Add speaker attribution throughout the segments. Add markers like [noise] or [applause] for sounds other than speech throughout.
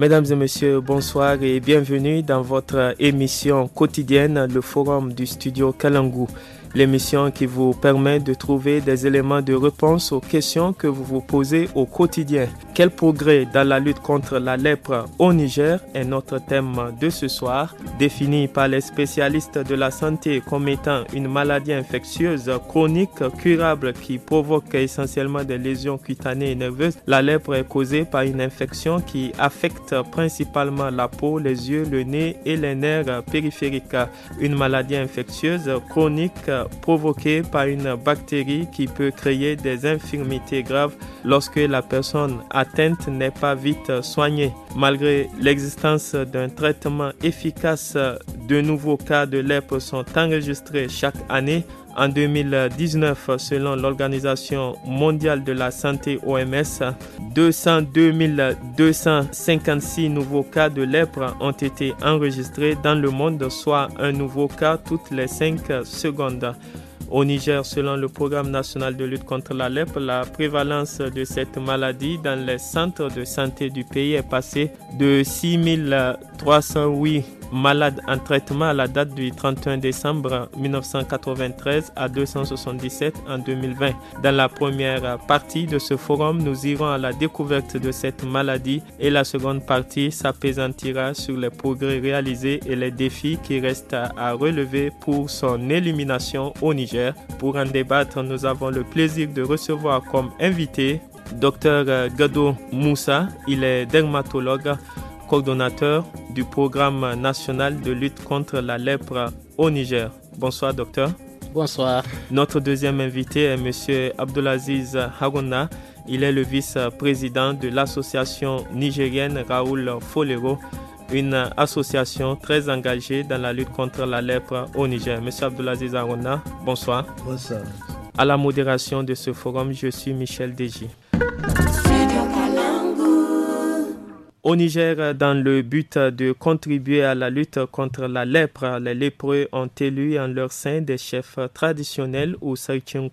Speaker 1: Mesdames et messieurs, bonsoir et bienvenue dans votre émission quotidienne, le forum du studio Kalangou l'émission qui vous permet de trouver des éléments de réponse aux questions que vous vous posez au quotidien. Quel progrès dans la lutte contre la lèpre au Niger est notre thème de ce soir, défini par les spécialistes de la santé comme étant une maladie infectieuse chronique curable qui provoque essentiellement des lésions cutanées et nerveuses. La lèpre est causée par une infection qui affecte principalement la peau, les yeux, le nez et les nerfs périphériques. Une maladie infectieuse chronique provoquée par une bactérie qui peut créer des infirmités graves lorsque la personne atteinte n'est pas vite soignée. Malgré l'existence d'un traitement efficace, de nouveaux cas de lèpre sont enregistrés chaque année. En 2019, selon l'Organisation mondiale de la santé OMS, 202 256 nouveaux cas de lèpre ont été enregistrés dans le monde, soit un nouveau cas toutes les 5 secondes. Au Niger, selon le programme national de lutte contre la lèpre, la prévalence de cette maladie dans les centres de santé du pays est passée de 6308 malade en traitement à la date du 31 décembre 1993 à 277 en 2020. Dans la première partie de ce forum, nous irons à la découverte de cette maladie et la seconde partie s'apaisantira sur les progrès réalisés et les défis qui restent à relever pour son élimination au Niger. Pour en débattre, nous avons le plaisir de recevoir comme invité Dr Gado Moussa. Il est dermatologue coordonnateur du programme national de lutte contre la lèpre au Niger. Bonsoir, docteur. Bonsoir. Notre deuxième invité est M. Abdelaziz Haruna. Il est le vice-président de l'association nigérienne Raoul Folero, une association très engagée dans la lutte contre la lèpre au Niger. Monsieur Abdelaziz Harouna, bonsoir. Bonsoir. À la modération de ce forum, je suis Michel Deji au Niger dans le but de contribuer à la lutte contre la lèpre. Les lépreux ont élu en leur sein des chefs traditionnels ou Saïtien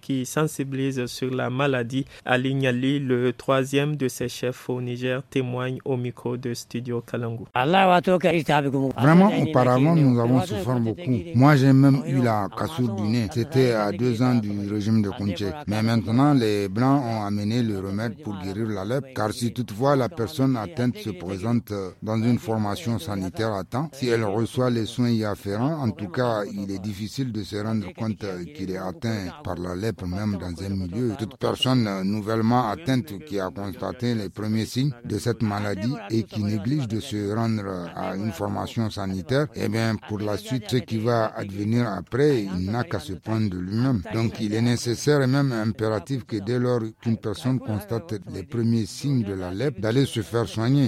Speaker 1: qui sensibilisent sur la maladie. Alignali, le troisième de ces chefs au Niger, témoigne au micro de Studio Kalangu.
Speaker 2: Vraiment, auparavant, nous avons souffert beaucoup. Moi, j'ai même eu la cassure du nez. C'était à deux ans du régime de Kunche. Mais maintenant, les Blancs ont amené le remède pour guérir la lèpre, car si toutefois la personne atteinte se présente euh, dans une formation sanitaire à temps, si elle reçoit les soins y afférents, en tout cas, il est difficile de se rendre compte euh, qu'il est atteint par la lèpre même dans un milieu. Toute personne euh, nouvellement atteinte qui a constaté les premiers signes de cette maladie et qui néglige de se rendre à une formation sanitaire, eh bien, pour la suite, ce qui va advenir après, il n'a qu'à se prendre de lui-même. Donc, il est nécessaire et même impératif que dès lors qu'une personne constate les premiers signes de la lèpre, d'aller se faire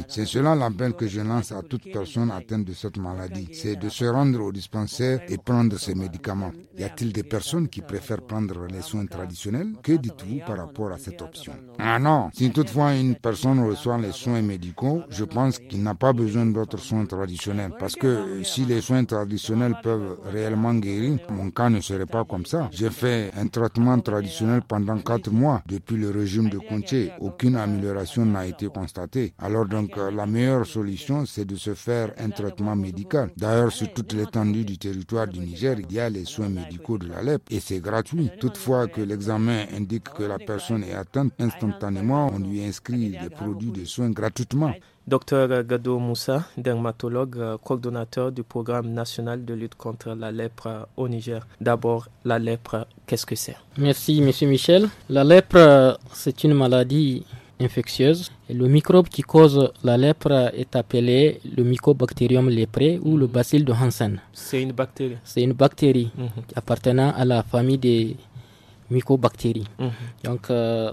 Speaker 2: c'est cela l'appel que je lance à toute personne atteinte de cette maladie. C'est de se rendre au dispensaire et prendre ses médicaments. Y a-t-il des personnes qui préfèrent prendre les soins traditionnels Que dites-vous par rapport à cette option Ah non Si toutefois une personne reçoit les soins médicaux, je pense qu'il n'a pas besoin d'autres soins traditionnels. Parce que si les soins traditionnels peuvent réellement guérir, mon cas ne serait pas comme ça. J'ai fait un traitement traditionnel pendant quatre mois depuis le régime de Contier. Aucune amélioration n'a été constatée. Alors donc euh, la meilleure solution, c'est de se faire un traitement médical. D'ailleurs, sur toute l'étendue du territoire du Niger, il y a les soins médicaux de la lèpre et c'est gratuit. Toutefois que l'examen indique que la personne est atteinte, instantanément, on lui inscrit des produits de soins gratuitement.
Speaker 1: Docteur Gado Moussa, dermatologue, euh, coordonnateur du programme national de lutte contre la lèpre euh, au Niger. D'abord, la lèpre, qu'est-ce que c'est
Speaker 3: Merci, monsieur Michel. La lèpre, c'est une maladie et Le microbe qui cause la lèpre est appelé le Mycobacterium lépré ou le mhm. bacille de Hansen. C'est une bactérie. C'est une bactérie mhm. appartenant à la famille des mycobactéries. Mhm. Donc, euh,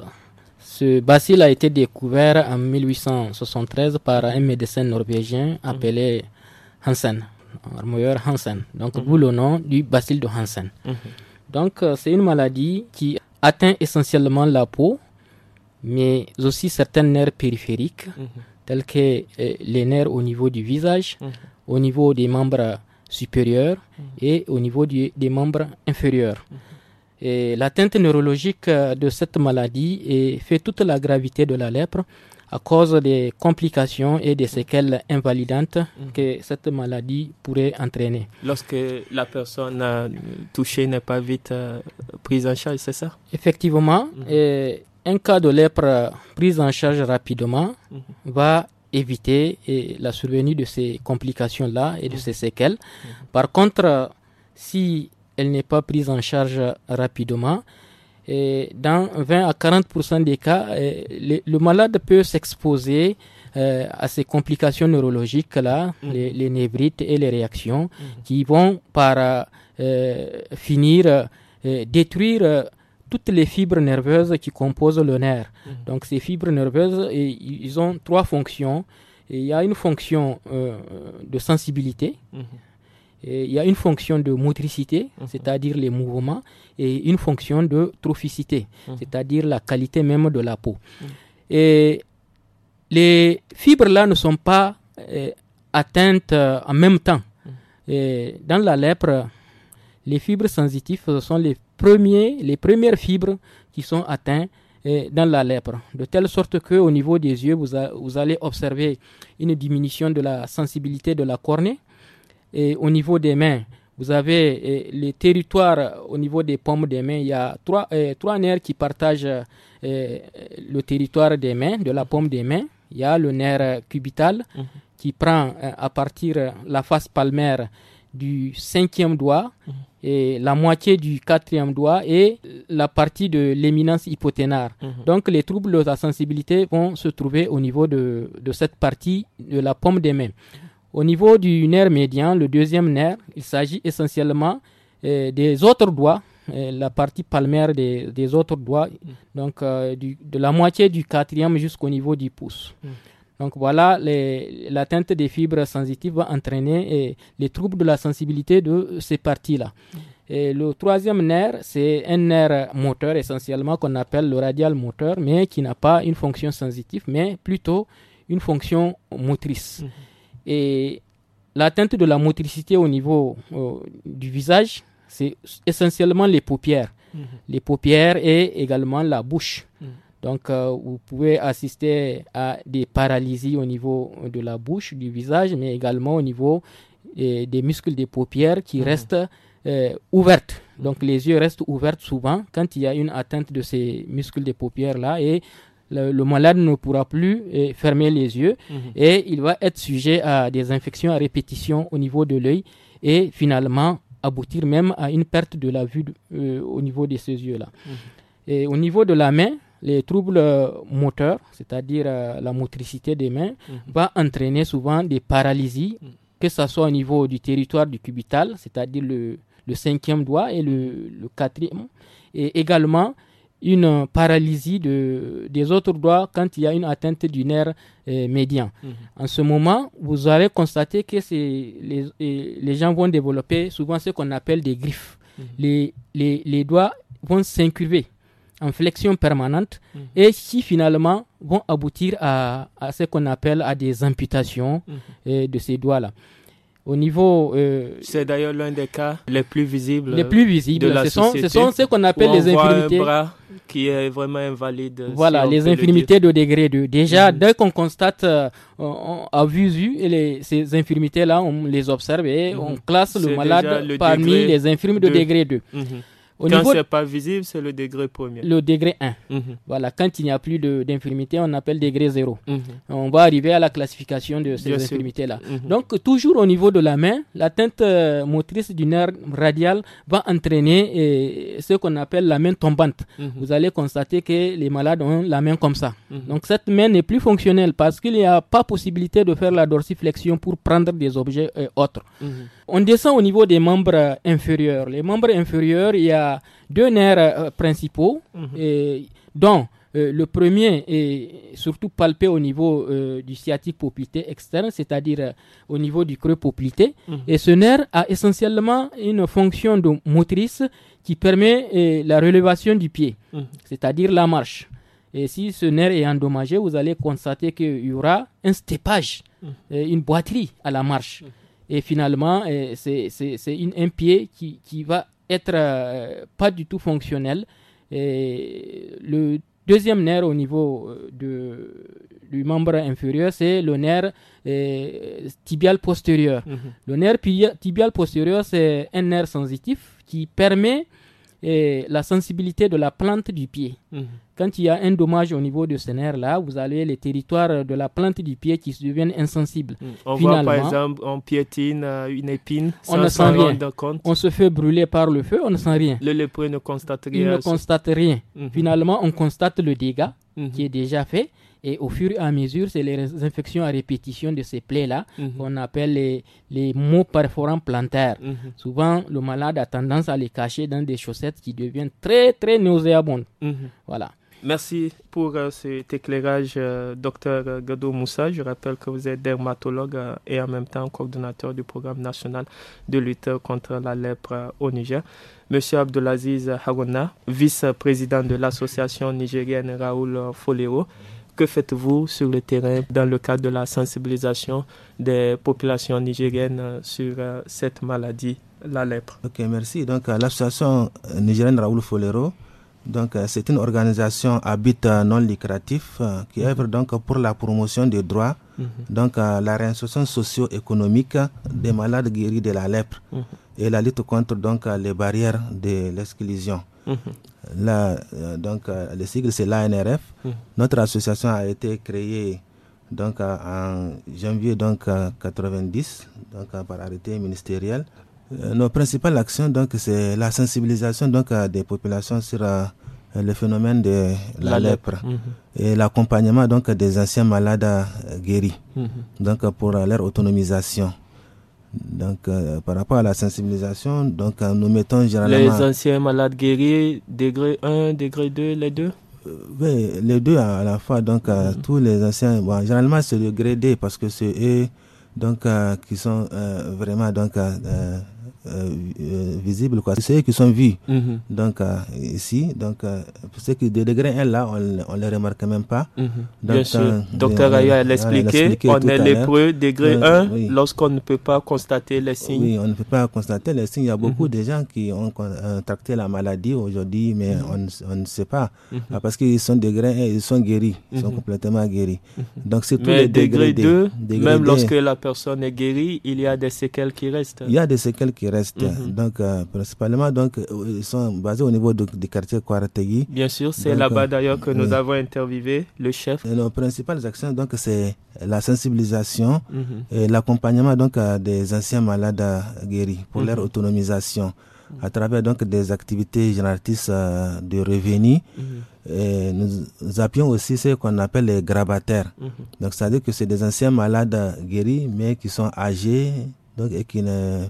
Speaker 3: ce bacille a été découvert en 1873 par un médecin norvégien appelé Hansen, Armoyer Hansen. Donc, d'où le nom du bacille de Hansen. Donc, euh, c'est une maladie qui atteint essentiellement la peau mais aussi certains nerfs périphériques, mhm. tels que euh, les nerfs au niveau du visage, mhm. au niveau des membres supérieurs mhm. et au niveau des membres inférieurs. l'atteinte neurologique euh, de cette maladie fait toute la gravité de la lèpre à cause des complications et des séquelles invalidantes que cette maladie pourrait entraîner.
Speaker 1: Lorsque la personne euh, touchée n'est pas vite prise en charge, c'est ça
Speaker 3: Effectivement. Et un cas de lèpre prise en charge rapidement mhm. va éviter eh, la survenue de ces complications-là et de mhm. ces séquelles. Mhm. Par contre, si elle n'est pas prise en charge rapidement, eh, dans 20 à 40 des cas, eh, le, malade peut s'exposer à ces complications neurologiques-là, les, névrites et les réactions, qui vont par finir détruire toutes les fibres nerveuses qui composent le nerf. Mhm. Donc ces fibres nerveuses, et, ils ont trois fonctions. il y a une fonction euh, de sensibilité, mhm. il y a une fonction de motricité, mhm. c'est-à-dire les mouvements, et une fonction de trophicité, c'est-à-dire la qualité même de la peau. Et les fibres-là ne sont pas euh, atteintes euh, en même temps. Et dans la lèpre, les fibres sensitives sont les, premiers, les premières fibres qui sont atteintes euh, dans la lèpre, de telle sorte que au niveau des yeux, vous, allez observer une diminution de la sensibilité de la cornée. Et au niveau des mains, vous avez euh, les territoires euh, au niveau des paumes des mains. Il y a trois, nerfs qui partagent le territoire des mains, de la paume des mains. Il y a le nerf cubital mhm. qui prend à partir la face palmaire du cinquième doigt mhm. et la moitié du quatrième doigt et la partie de l'éminence hypothénaire. Mhm. Donc les troubles de la sensibilité vont se trouver au niveau de, de, cette partie de la paume des mains. Au niveau du nerf médian, le deuxième nerf, il s'agit essentiellement euh, des autres doigts, euh, la partie palmaire des, des autres doigts, mhm. donc euh, de la moitié du quatrième jusqu'au niveau du pouce. Donc voilà, l'atteinte des fibres sensitives va entraîner les troubles de la sensibilité de ces parties-là. Et le troisième nerf, c'est un nerf moteur essentiellement qu'on appelle le radial moteur, mais qui n'a pas une fonction sensitive, mais plutôt une fonction motrice. Mhm. Et l'atteinte de la motricité au niveau euh, du visage, c'est essentiellement les paupières. Mhm. Les paupières et également la bouche. Mhm. Donc, euh, vous pouvez assister à des paralysies au niveau de la bouche, du visage, mais également au niveau des muscles des paupières qui mhm. restent euh, ouvertes. Donc les yeux restent ouverts souvent quand il y a une atteinte de ces muscles des paupières-là et le, malade ne pourra plus euh, fermer les yeux mhm. et il va être sujet à des infections à répétition au niveau de l'œil et finalement aboutir même à une perte de la vue au niveau de ces yeux-là. Mhm. Et au niveau de la main, les troubles euh, moteurs, c'est-à-dire euh, la motricité des mains, mhm. vont entraîner souvent des paralysies, mhm. que ce soit au niveau du territoire du cubital, c'est-à-dire le, cinquième doigt et le, quatrième, et également une paralysie des autres doigts quand il y a une atteinte du nerf euh, médian. Mhm. En ce moment, vous allez constater que les, gens vont développer souvent ce qu'on appelle des griffes. Les, les, les doigts vont s'incurver en flexion permanente mhm. et qui finalement vont aboutir à, à ce qu'on appelle à des amputations mhm. euh, de ces doigts-là. Au niveau.
Speaker 1: Euh, c'est d'ailleurs l'un des cas les plus visibles. Les plus visibles. De la ce, sont, ce, qu'on appelle les infirmités. Un bras qui est vraiment invalide. Voilà, les infirmités de degré 2. Déjà, mhm. dès
Speaker 3: qu'on constate à vue vue ces infirmités-là, on les observe et on classe le malade parmi les infirmes de, de degré 2 quand ce n'est
Speaker 1: pas visible, c'est le degré premier. Le degré
Speaker 3: 1. Mhm. Voilà, quand il n'y a plus d'infirmité, on appelle degré 0. Mhm. On va arriver à la classification de ces infirmités-là. Mhm. Donc, toujours au niveau de la main, l'atteinte euh, motrice du nerf radial va entraîner euh, ce qu'on appelle la main tombante. Vous allez constater que les malades ont la main comme ça. Donc, cette main n'est plus fonctionnelle parce qu'il n'y a pas possibilité de faire la dorsiflexion pour prendre des objets et euh, autres. On descend au niveau des membres inférieurs. Les membres inférieurs, il y a deux nerfs euh, principaux, mhm. et, dont euh, le premier est surtout palpé au niveau euh, du sciatique poplité externe, c'est-à-dire au niveau du creux poplité. Mhm. Et ce nerf a essentiellement une fonction de motrice qui permet la relevation du pied, mhm. c'est-à-dire la marche. Et si ce nerf est endommagé, vous allez constater qu'il y aura un steppage, une boiterie à la marche. Et finalement, euh, c'est un pied qui, qui va être euh, pas du tout fonctionnel. Et le deuxième nerf au niveau euh, de, du membre inférieur, c'est le nerf tibial postérieur. Mhm. Le nerf tibial postérieur, c'est un nerf sensitif qui permet et la sensibilité de la plante du pied. Mhm. Quand il y a un dommage au niveau de ce nerf-là, vous avez les territoires de la plante du pied qui se deviennent insensibles. Mhm. On par exemple,
Speaker 1: on piétine euh, une épine, on ne sent rien. On
Speaker 3: se fait brûler par le feu, on ne sent rien. Le
Speaker 1: lépreux ne constate rien. Il ne constate rien.
Speaker 3: Mhm. Finalement, on constate le dégât qui est déjà fait et au fur et à mesure, c'est les infections à répétition de ces plaies-là mhm. qu'on appelle les, les maux perforants plantaires. Mhm. Souvent, le malade a tendance à les cacher dans des chaussettes qui deviennent très, très nauséabondes. Mhm. Voilà.
Speaker 1: Merci pour euh, cet éclairage, Dr euh, docteur euh, Gado Moussa. Je rappelle que vous êtes dermatologue et en même temps coordonnateur du programme national de lutte contre la lèpre au Niger. Monsieur Abdelaziz Haguna, vice-président de l'association nigérienne Raoul Foleo. Que faites-vous sur le terrain dans le cadre de la sensibilisation des populations nigériennes euh, sur euh,
Speaker 4: cette maladie, la lèpre Ok, merci. Donc, euh, l'association nigérienne Raoul Folero, donc, c'est une organisation à but non lucratif qui mhm. œuvre donc pour la promotion des droits, mhm. donc la réinsertion socio-économique des malades guéris de la lèpre mhm. et la lutte contre donc les barrières de l'exclusion. Mhm. Euh, donc, euh, le sigle, c'est l'ANRF. Mhm. Notre association a été créée donc, euh, en janvier donc, 90 donc, par arrêté ministériel. nos principales actions, donc, c'est la sensibilisation donc, des populations sur le phénomène de la, lèpre, mhm. et l'accompagnement donc, des anciens malades guéris donc, pour leur autonomisation. Donc, euh, par rapport à la sensibilisation, donc nous mettons généralement... Les
Speaker 1: anciens malades guéris, degré 1, degré 2, les deux
Speaker 4: euh, oui, les deux à la fois, donc euh, mhm. tous les anciens, bon, généralement c'est le degré D parce que c'est eux donc, qui sont vraiment donc, euh, euh, visibles, quoi. ceux qui sont vus mm-hmm. donc, euh, ici. Donc, ceux qui, de degré 1 là, on ne les remarque même pas. Mm-hmm. donc, Bien sûr. Docteur Aya l'a expliqué, on est lépreux degré 1
Speaker 1: lorsqu'on ne peut pas constater les signes. Oui, on
Speaker 4: ne peut pas constater les signes. Il y a beaucoup mm-hmm. de gens qui ont contracté la maladie aujourd'hui, mais on, ne sait pas. Ah, parce qu'ils sont degré 1, ils sont guéris. Ils sont complètement guéris. Donc, c'est tous les degrés 2, même lorsque
Speaker 1: la personne est guérie, il y a des séquelles qui restent. Il y a des séquelles qui restent. Mhm.
Speaker 4: Donc, euh, principalement, donc, euh, ils sont basés au niveau du, quartier Kouarategui. Bien sûr, c'est là-bas d'ailleurs que euh, nous avons interviewé le chef. nos principales actions, donc, c'est la sensibilisation mhm. et l'accompagnement, donc, des anciens malades guéris pour mhm. leur autonomisation à travers donc des activités génératrices de revenus. nous, appuyons aussi ce qu'on appelle les grabataires. Donc, c'est-à-dire que c'est des anciens malades guéris, mais qui sont âgés donc, et qui ne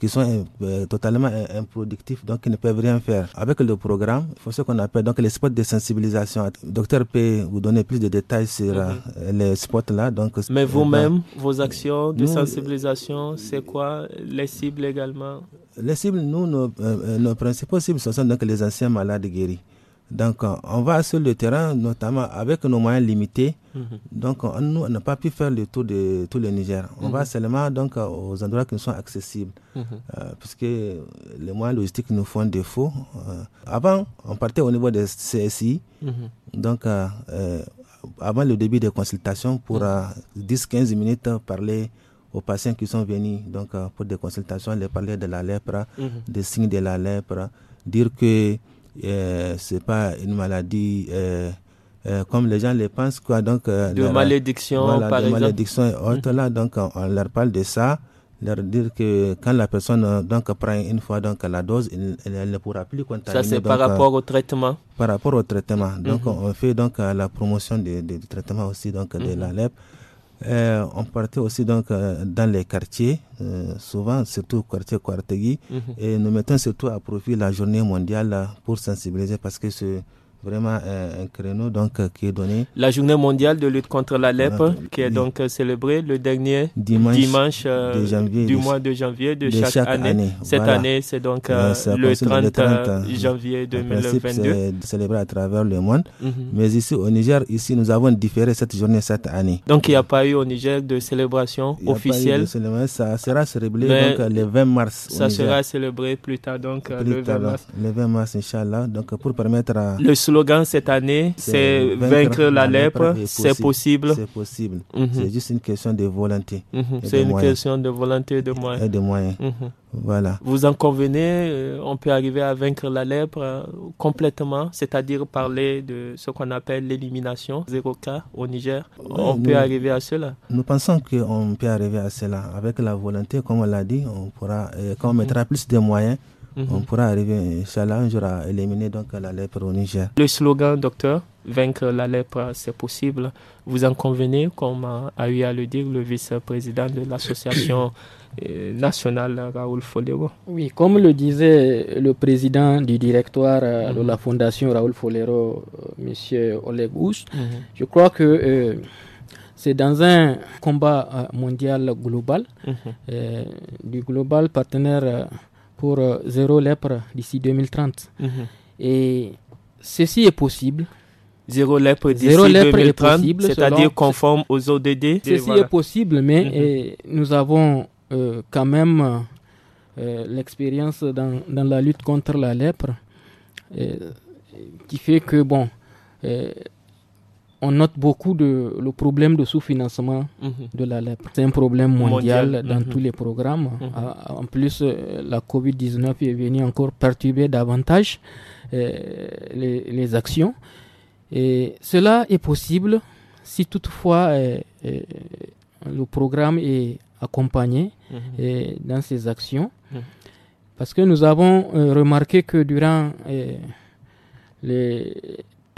Speaker 4: qui sont euh, euh, totalement euh, improductifs, donc qui ne peuvent rien faire. Avec le programme, il faut ce qu'on appelle donc les spots de sensibilisation. Docteur P, vous donner plus de détails sur mhm. les spots là. Donc, Mais vous-même,
Speaker 1: vos actions de sensibilisation, c'est quoi Les cibles également
Speaker 4: Les cibles, nous, nos, principaux cibles, ce sont donc les anciens malades guéris. Donc, on va sur le terrain, notamment avec nos moyens limités. Mhm. Donc, on, nous, n'a pas pu faire le tour de tout le Niger. On va mhm. seulement donc, aux endroits qui nous sont accessibles, mhm. euh, puisque les moyens logistiques nous font défaut. Euh, avant, on partait au niveau des CSI. Donc, euh, avant le début des consultations, pour 10-15 minutes, parler aux patients qui sont venus donc, pour des consultations, les parler de la lèpre, des signes de la lèpre, dire que euh, c'est pas une maladie euh, euh, comme les gens le pensent quoi donc de malédiction par de exemple. malédiction et autres là donc on, leur parle de ça leur dire que quand la personne donc prend une fois donc la dose, elle, ne pourra plus contaminer. Ça c'est par rapport au traitement. Par rapport au traitement. Donc mhm. on fait donc la promotion du, traitement aussi donc de la mhm. Euh, on partait aussi donc euh, dans les quartiers, euh, souvent surtout au quartier Quartegui, mhm. et nous mettons surtout à profit la journée mondiale pour sensibiliser parce que ce, vraiment euh, un, créneau donc, euh, qui est donné.
Speaker 1: La journée mondiale de lutte contre la lèpre qui est donc euh, célébrée le dernier dimanche, du mois de janvier de, chaque, année. Cette année, c'est donc le, 30, hein. janvier 2022. C'est
Speaker 4: célébré à travers le monde. Mhm. Mais ici au Niger, ici nous avons différé cette journée cette année.
Speaker 1: Donc il n'y a pas eu au Niger de célébration il officielle.
Speaker 4: De ça sera célébré donc, le 20 mars. Ça sera
Speaker 1: célébré plus tard donc le, 20 mars.
Speaker 4: le 20 mars. Inch'Allah. Donc pour permettre à
Speaker 1: slogan cette année, c'est vaincre, la, lèpre, c'est
Speaker 4: possible. C'est possible. Mhm. C'est juste une question de volonté. Mhm. C'est une question
Speaker 1: de volonté et de moyens. moyens. Mhm. Voilà. Vous en convenez, euh, on peut arriver à vaincre la lèpre euh, complètement, c'est-à-dire parler de ce qu'on appelle l'élimination, zéro cas au Niger. on peut arriver à cela.
Speaker 4: Nous pensons qu'on peut arriver à cela. Avec la volonté, comme on l'a dit, on pourra, euh, quand on mettra plus de moyens, on mhm. pourra arriver, un jour à éliminer donc, la lèpre au Niger.
Speaker 1: Le slogan, docteur, vaincre la lèpre, c'est possible. Vous en convenez, comme a eu à le dire le vice-président de l'association [coughs] euh, nationale Raoul Folero.
Speaker 3: Oui, comme le disait le président du directoire euh, de mhm. la fondation Raoul Folero, euh, M. Oleg Ous, mhm. je crois que c'est dans un combat mondial global, du global partenaire pour euh, zéro lèpre d'ici 2030. Mhm. Et ceci est possible.
Speaker 1: Zéro lèpre d'ici 2030, c'est-à-dire conforme aux ODD. Ceci est possible, mais mhm.
Speaker 3: euh, nous avons euh, quand même l'expérience dans, dans, la lutte contre la lèpre qui fait que, bon, on note beaucoup de, le problème de sous-financement mhm. de la lèpre. C'est un problème mondial, dans mhm. tous les programmes. Mhm. Ah, en plus, euh, la COVID-19 est venue encore perturber davantage euh, les, actions. Et cela est possible si toutefois euh, le programme est accompagné dans ses actions. Parce que nous avons remarqué que durant les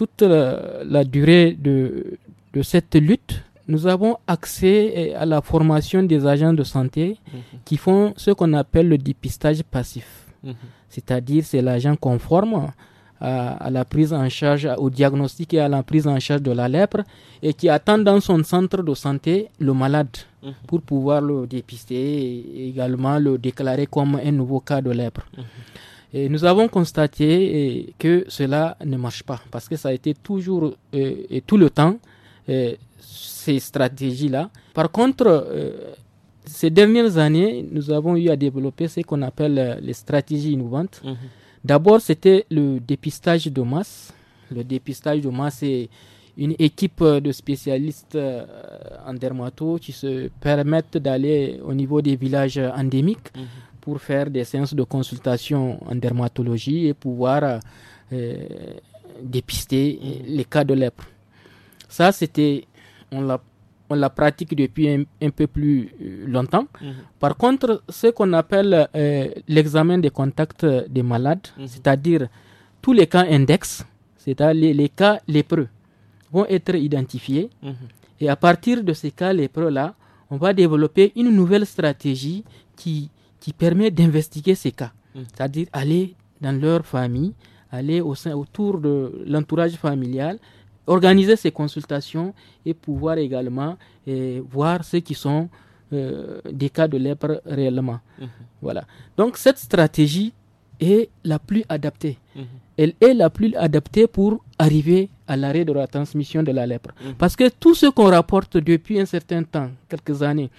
Speaker 3: toute la, durée de, cette lutte, nous avons accès eh, à la formation des agents de santé mhm. qui font ce qu'on appelle le dépistage passif. Mhm. C'est-à-dire, c'est l'agent conforme à, la prise en charge, au diagnostic et à la prise en charge de la lèpre et qui attend dans son centre de santé le malade mhm. pour pouvoir le dépister et également le déclarer comme un nouveau cas de lèpre. Et nous avons constaté que cela ne marche pas parce que ça a été toujours euh, et tout le temps euh, ces stratégies-là. Par contre, euh, ces dernières années, nous avons eu à développer ce qu'on appelle les stratégies innovantes. Mhm. D'abord, c'était le dépistage de masse. Le dépistage de masse, c'est une équipe de spécialistes en dermato qui se permettent d'aller au niveau des villages endémiques. Mhm pour faire des séances de consultation en dermatologie et pouvoir euh, dépister les cas de lèpre. Ça, c'était, on la, pratique depuis un, peu plus euh, longtemps. Mhm. Par contre, ce qu'on appelle euh, l'examen des contacts des malades, mhm. c'est-à-dire tous les cas index, c'est-à-dire les, cas lépreux, vont être identifiés. Mhm. Et à partir de ces cas lépreux-là, on va développer une nouvelle stratégie qui qui permet d'investiguer ces cas. Mm. C'est-à-dire aller dans leur famille, aller au autour de l'entourage familial, organiser ces consultations et pouvoir également eh, voir ceux qui sont euh, des cas de lèpre réellement. Mm-hmm. Voilà. Donc cette stratégie est la plus adaptée. Mm-hmm. Elle est la plus adaptée pour arriver à l'arrêt de la transmission de la lèpre. Mm-hmm. Parce que tout ce qu'on rapporte depuis un certain temps, quelques années,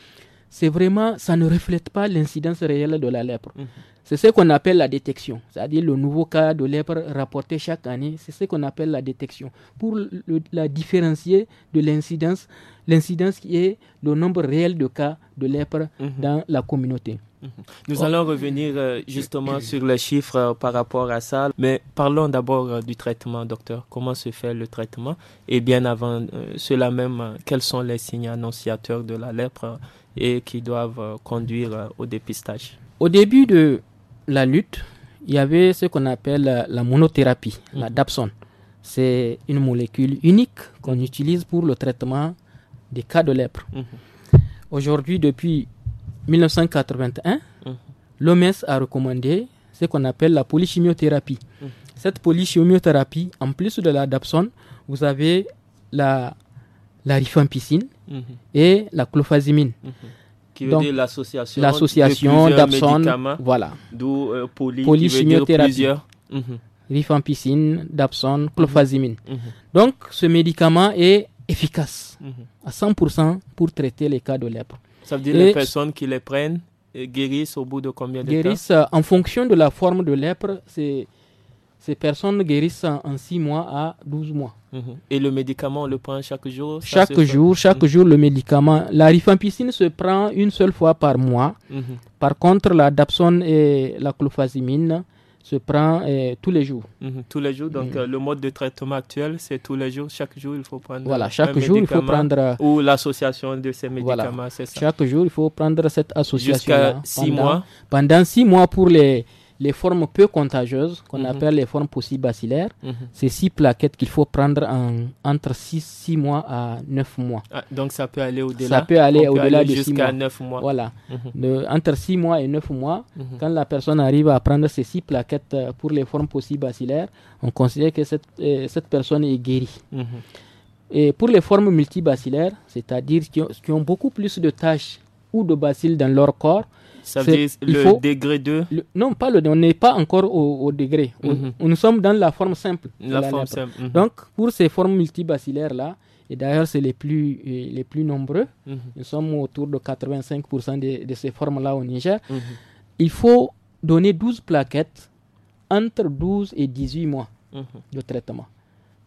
Speaker 3: c'est vraiment, ça ne reflète pas l'incidence réelle de la lèpre. Mhm. C'est ce qu'on appelle la détection, c'est-à-dire le nouveau cas de lèpre rapporté chaque année, c'est ce qu'on appelle la détection. Pour la différencier de l'incidence, l'incidence qui est le nombre réel de cas de lèpre mhm. dans la communauté.
Speaker 1: Mhm. Nous allons revenir euh, justement [coughs] sur les chiffres euh, par rapport à ça, mais parlons d'abord euh, du traitement, docteur. Comment se fait le traitement Et bien avant cela même, quels sont les signes annonciateurs de la lèpre et qui doivent conduire au dépistage
Speaker 3: Au début de la lutte, il y avait ce qu'on appelle la monothérapie, la mhm. dapsone. C'est une molécule unique qu'on utilise pour le traitement des cas de lèpre. Mhm. Aujourd'hui, depuis 1981, mhm. l'OMS a recommandé ce qu'on appelle la polychimiothérapie. Cette polychimiothérapie, en plus de la dapsone, vous avez la, rifampicine mhm. et la clofazimine. Qui veut dire l'association, l'association dapsone,
Speaker 1: voilà. D'où polychimiothérapie. Mhm.
Speaker 3: Rifampicine, dapsone, clofazimine. Donc, ce médicament est efficace à 100% pour traiter les cas de lèpre. Ça veut dire les personnes
Speaker 1: qui les prennent guérissent au bout de combien de temps Guérissent euh,
Speaker 3: en fonction de la forme de lèpre. Ces personnes guérissent en,
Speaker 1: 6 mois à 12 mois. Mhm. Et le médicament, on le prend chaque jour Chaque jour, chaque mhm. jour, le
Speaker 3: médicament. La rifampicine se prend une seule fois par mois. Mhm. Par contre, la dapsone et la clofazimine, se prend euh, tous les jours.
Speaker 1: Mhm, tous les jours, donc euh, le mode de traitement actuel, c'est tous les jours, chaque jour il faut prendre. Voilà, chaque jour il faut prendre. Euh, ou l'association de ces médicaments, c'est ça.
Speaker 3: Chaque jour il faut prendre cette association. Jusqu'à six mois. Pendant six mois pour les, les formes peu contagieuses, qu'on mhm. appelle les formes possibacillaires, bacillaires, mhm. c'est 6 plaquettes qu'il faut prendre entre 6, mois à 9 mois.
Speaker 1: Ah, donc ça peut aller au-delà Ça peut aller au-delà de 6 mois. 9 mois. Voilà. Mhm.
Speaker 3: de, entre 6 mois et 9 mois, quand la personne arrive à prendre ces six plaquettes euh, pour les formes possibacillaires, on considère que cette, euh, cette personne est guérie. Et pour les formes multibacillaires, c'est-à-dire qui, qui ont beaucoup plus de tâches ou de bacilles dans leur corps. Ça veut dire le degré 2 Non, pas le, on n'est pas encore au, degré. Mhm. on, nous sommes dans la forme simple. La, forme simple. Mhm. Donc, pour ces formes multibacillaires-là, et d'ailleurs, c'est les plus, euh, les plus nombreux, mhm. nous sommes autour de 85% de, ces formes-là au Niger, il faut donner 12 plaquettes entre 12 et 18 mois de traitement.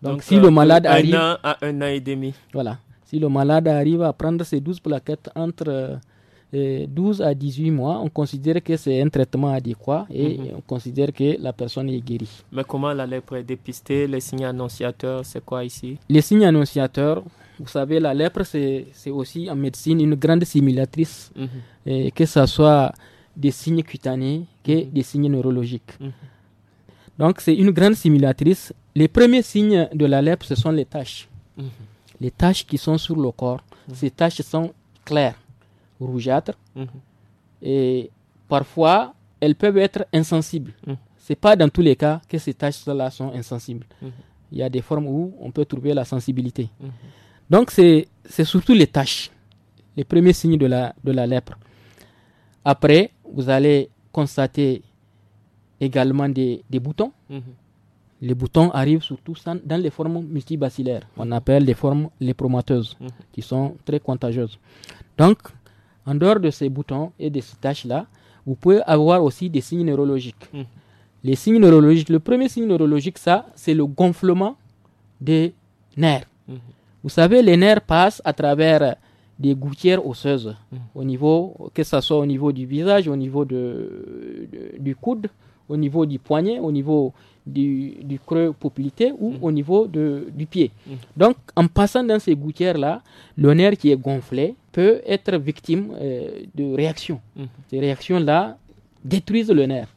Speaker 3: Donc, si euh, le malade arrive...
Speaker 1: à un an et demi.
Speaker 3: Voilà. Si le malade arrive à prendre ces 12 plaquettes entre... Euh, 12 euh, à 18 mois, on considère que c'est un traitement adéquat et mhm. on considère que la personne est guérie.
Speaker 1: Mais comment la lèpre est dépistée Les signes annonciateurs, c'est quoi ici
Speaker 3: Les signes annonciateurs,
Speaker 1: vous savez, la lèpre, c'est
Speaker 3: aussi en médecine une grande simulatrice, mhm. euh, que ce soit des signes cutanés que mhm. des signes neurologiques. Donc, c'est une grande simulatrice. Les premiers signes de la lèpre, ce sont les taches. Les taches qui sont sur le corps, ces taches sont claires rougeâtres. Mhm. Et parfois, elles peuvent être insensibles. Mhm. c'est Ce n'est pas dans tous les cas que ces taches-là sont insensibles. Mhm. Il y a des formes où on peut trouver la sensibilité. Donc, c'est surtout les taches, les premiers signes de la, de la lèpre. Après, vous allez constater également des, des boutons. Les boutons arrivent surtout dans les formes multibacillaires. On appelle les formes lépromateuses, qui sont très contagieuses. Donc, en dehors de ces boutons et de ces taches-là, vous pouvez avoir aussi des signes neurologiques. Hmm. Les signes neurologiques, le premier signe neurologique, ça, c'est le gonflement des nerfs. Hmm. Vous savez, les nerfs passent à travers des gouttières osseuses, hmm. au niveau, que ce soit au niveau du visage, au niveau du coude, au niveau du poignet, au niveau du, du creux populité ou mm-hmm. au niveau de, du pied. Mm-hmm. Donc, en passant dans ces gouttières-là, le nerf qui est gonflé peut être victime euh, de réactions. Mm-hmm. Ces réactions-là détruisent le nerf.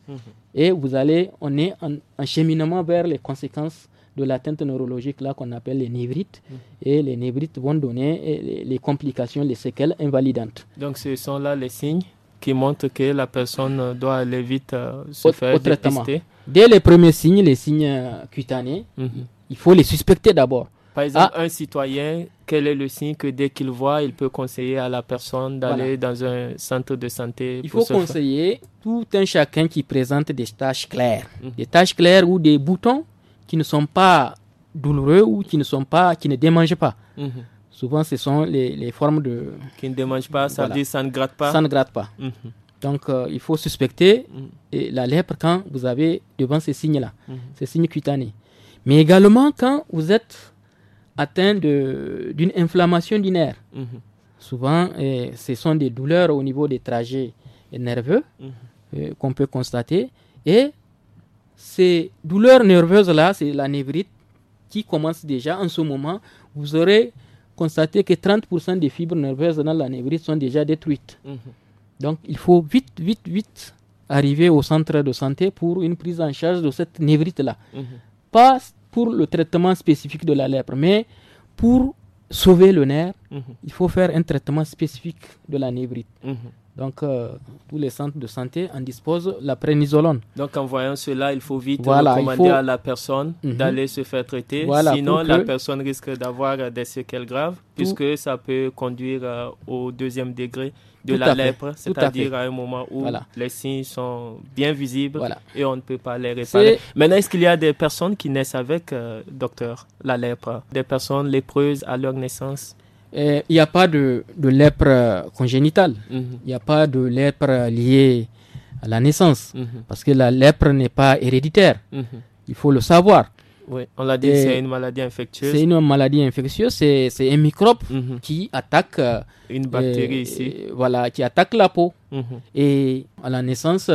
Speaker 3: Et vous allez, on est en, cheminement vers les conséquences de l'atteinte neurologique là qu'on appelle les névrites. Et les névrites vont donner les, complications, les séquelles invalidantes.
Speaker 1: Donc ce sont là les signes qui montrent que la personne doit aller vite euh, se faire au
Speaker 3: dès les premiers signes, les signes euh, cutanés, mhm. il faut les suspecter d'abord.
Speaker 1: Par exemple, ah. un citoyen, quel est le signe que dès qu'il voit, il peut conseiller à la personne d'aller dans un centre de santé Il faut conseiller tout
Speaker 3: un chacun qui présente des tâches claires. Mhm. Des tâches claires ou des boutons qui ne sont pas douloureux ou qui ne sont pas, qui ne démangent pas. Mhm. Souvent, ce sont les, formes de...
Speaker 1: Qui ne démangent pas, ça veut dire ça ne gratte pas Ça ne gratte pas.
Speaker 3: Donc, euh, il faut suspecter mm. et la lèpre quand vous avez devant ces signes-là, mm. ces signes cutanés. Mais également quand vous êtes atteint d'une inflammation du nerf. Mm-hmm. Souvent, eh, ce sont des douleurs au niveau des trajets nerveux mm-hmm. eh, qu'on peut constater. Et ces douleurs nerveuses-là, c'est la névrite qui commence déjà en ce moment. Vous aurez constaté que 30% des fibres nerveuses dans la névrite sont déjà détruites. Mm-hmm. Donc il faut vite, vite, vite arriver au centre de santé pour une prise en charge de cette névrite-là. Mhm. Pas pour le traitement spécifique de la lèpre, mais pour sauver le nerf, mhm. il faut faire un traitement spécifique de la névrite. Mhm. Donc, euh, tous les centres de santé en disposent la prénisolone.
Speaker 1: Donc, en voyant cela, il faut vite recommander à la personne d'aller se faire traiter. Sinon, la personne risque d'avoir des séquelles graves, puisque ça peut conduire euh, au deuxième degré de la lèpre, c'est-à-dire à, un moment où les signes sont bien visibles et on ne peut pas les réparer. Maintenant, est-ce qu'il y a des personnes qui naissent avec, euh, docteur, la lèpre Des personnes lépreuses à leur naissance eh, Il n'y a pas de,
Speaker 3: lèpre congénitale, mm-hmm. il n'y a pas de lèpre liée à la naissance, mm-hmm. parce que la lèpre n'est pas héréditaire, mm-hmm. il faut le savoir
Speaker 1: on l'a dit, c'est une maladie infectieuse. C'est une
Speaker 3: maladie infectieuse, c'est un microbe mhm. qui attaque. Euh, une bactérie ici. Euh, voilà, qui attaque la peau. Mhm. Et à la naissance,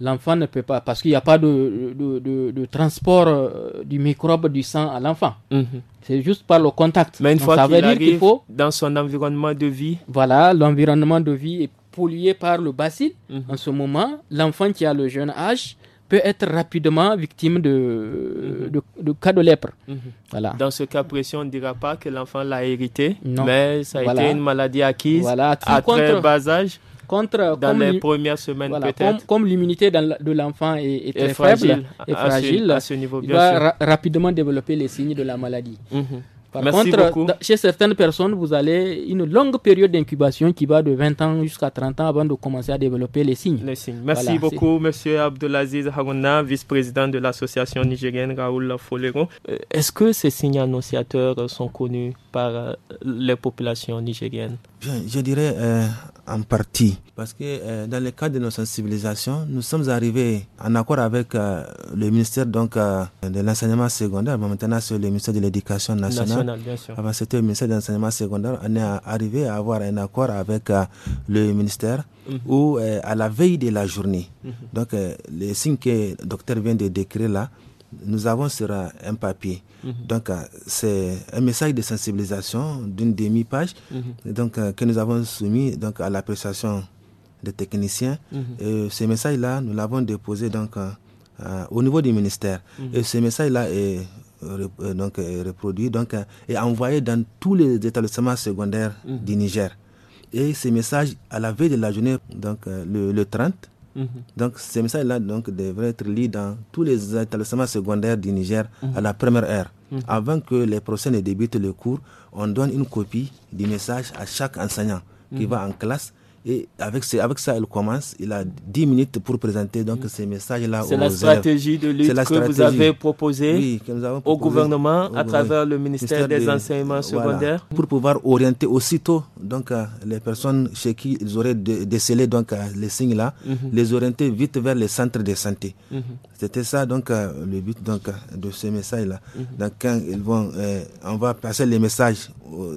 Speaker 3: l'enfant ne peut pas, parce qu'il n'y a pas de, de, de, transport euh, du microbe du sang à l'enfant. Mhm. C'est juste par le contact. Mais une fois qu'il
Speaker 1: faut. Dans son environnement de vie.
Speaker 3: Voilà, l'environnement de vie est pollué par le bacille. En ce moment, l'enfant qui a le jeune âge peut être rapidement victime de, de, cas de lèpre. Mhm. Voilà.
Speaker 1: Dans ce cas précis, on ne dira pas que l'enfant l'a hérité, mais ça a été une maladie acquise, à très bas âge. Contre, dans les premières semaines peut-être. Comme,
Speaker 3: l'immunité de l'enfant est, très fragile, faible et fragile, à ce, niveau, il va rapidement développer les signes de la maladie. Mhm. Par contre, chez certaines personnes, vous allez une longue période d'incubation qui va de 20 ans jusqu'à 30 ans avant de commencer à développer les signes. Merci beaucoup,
Speaker 1: Monsieur Abdelaziz Haruna, vice-président de l'association nigérienne Raoul Folero. Euh, est-ce que ces signes annonciateurs sont connus par euh, les populations nigériennes
Speaker 4: je dirais, euh, en partie. Parce que euh, dans le cadre de nos sensibilisations, nous sommes arrivés en accord avec euh, le ministère donc, euh, de l'enseignement secondaire, maintenant c'est le ministère de l'éducation nationale. Avant c'était le ministère de l'enseignement secondaire. On est arrivé à avoir un accord avec le ministère mhm. ou à la veille de la journée, mhm. donc les signes que le docteur vient de décrire là, nous avons sera euh, un papier. Mhm. Donc, euh, c'est un message de sensibilisation d'une demi-page mhm. donc euh, que nous avons soumis donc, à l'appréciation des techniciens. Mhm. Et ce message-là, nous l'avons déposé donc, au niveau du ministère. Et ce message-là est donc reproduit donc et envoyé dans tous les établissements secondaires du Niger et ce message à la veille de la journée donc le, le 30 Mhm. Donc ces messages-là devraient être lus dans tous les établissements secondaires du Niger mhm. à la première heure. Mhm. Avant que les procès ne débutent le cours, on donne une copie du message à chaque enseignant qui va en classe et avec, ça, il commence. Il a 10 minutes pour présenter donc, ces messages-là. C'est la stratégie de lutte que vous avez
Speaker 1: proposée proposé au gouvernement à travers le ministère, des, Enseignements secondaires.
Speaker 4: Pour pouvoir orienter aussitôt donc, euh, les personnes chez qui ils auraient décelé donc, euh, les signes-là, mhm. les orienter vite vers les centres de santé. Mhm. C'était ça donc, euh, le but donc, de ces messages là mhm. Donc, quand ils vont, on va passer les messages.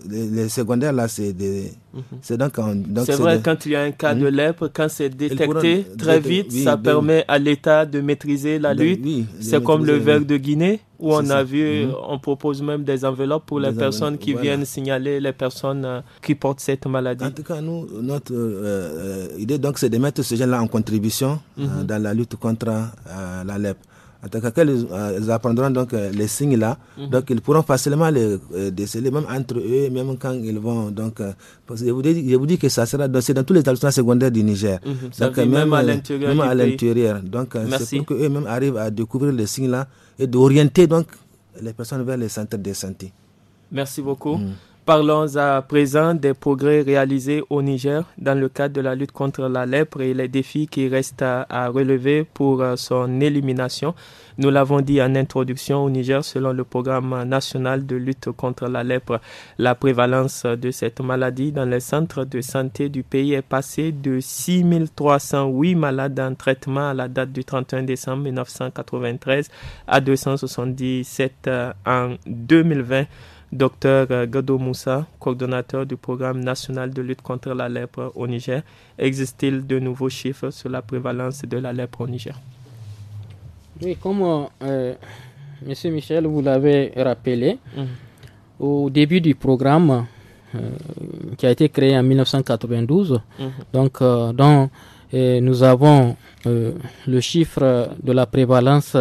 Speaker 4: Les, les secondaires, là, c'est des Mhm. C'est donc, vrai, quand
Speaker 1: il y a un cas de hmm? lèpre, quand c'est détecté très vite, ça permet à l'État de maîtriser la lutte. c'est comme le verre de Guinée, où on a vu, mhm. euh, on propose même des enveloppes pour les personnes qui viennent signaler les personnes euh, qui portent cette
Speaker 4: maladie. En tout cas, nous, notre euh, idée, donc, c'est de mettre ce genre là en contribution mhm. dans la lutte contre la lèpre en tant qu'à euh, ils apprendront donc euh, les signes là. Mhm. Donc, ils pourront facilement les euh, déceler, même entre eux, même quand ils vont. Donc, je, vous dis, je vous dis que ça sera dans, tous les établissements secondaires du Niger. Mhm. Donc, même, à l'intérieur. Même à l'intérieur. Donc, c'est pour qu'eux-mêmes arrivent à découvrir les signes là et d'orienter donc les personnes vers les centres de santé.
Speaker 1: Merci beaucoup. Mm. Parlons à présent des progrès réalisés au Niger dans le cadre de la lutte contre la lèpre et les défis qui restent à, relever pour euh, son élimination. Nous l'avons dit en introduction au Niger, selon le programme national de lutte contre la lèpre, la prévalence de cette maladie dans les centres de santé du pays est passée de 6308 malades en traitement à la date du 31 décembre 1993 à 277 euh, en 2020. Docteur euh, Gado Moussa, coordonnateur du programme national de lutte contre la lèpre au Niger, existe-t-il de nouveaux chiffres sur la prévalence de la lèpre au Niger Oui, comme M. Euh, Monsieur Michel, vous
Speaker 3: l'avez rappelé, mhm. au début du programme euh, qui a été créé en 1992, mhm. donc nous avons le chiffre de la prévalence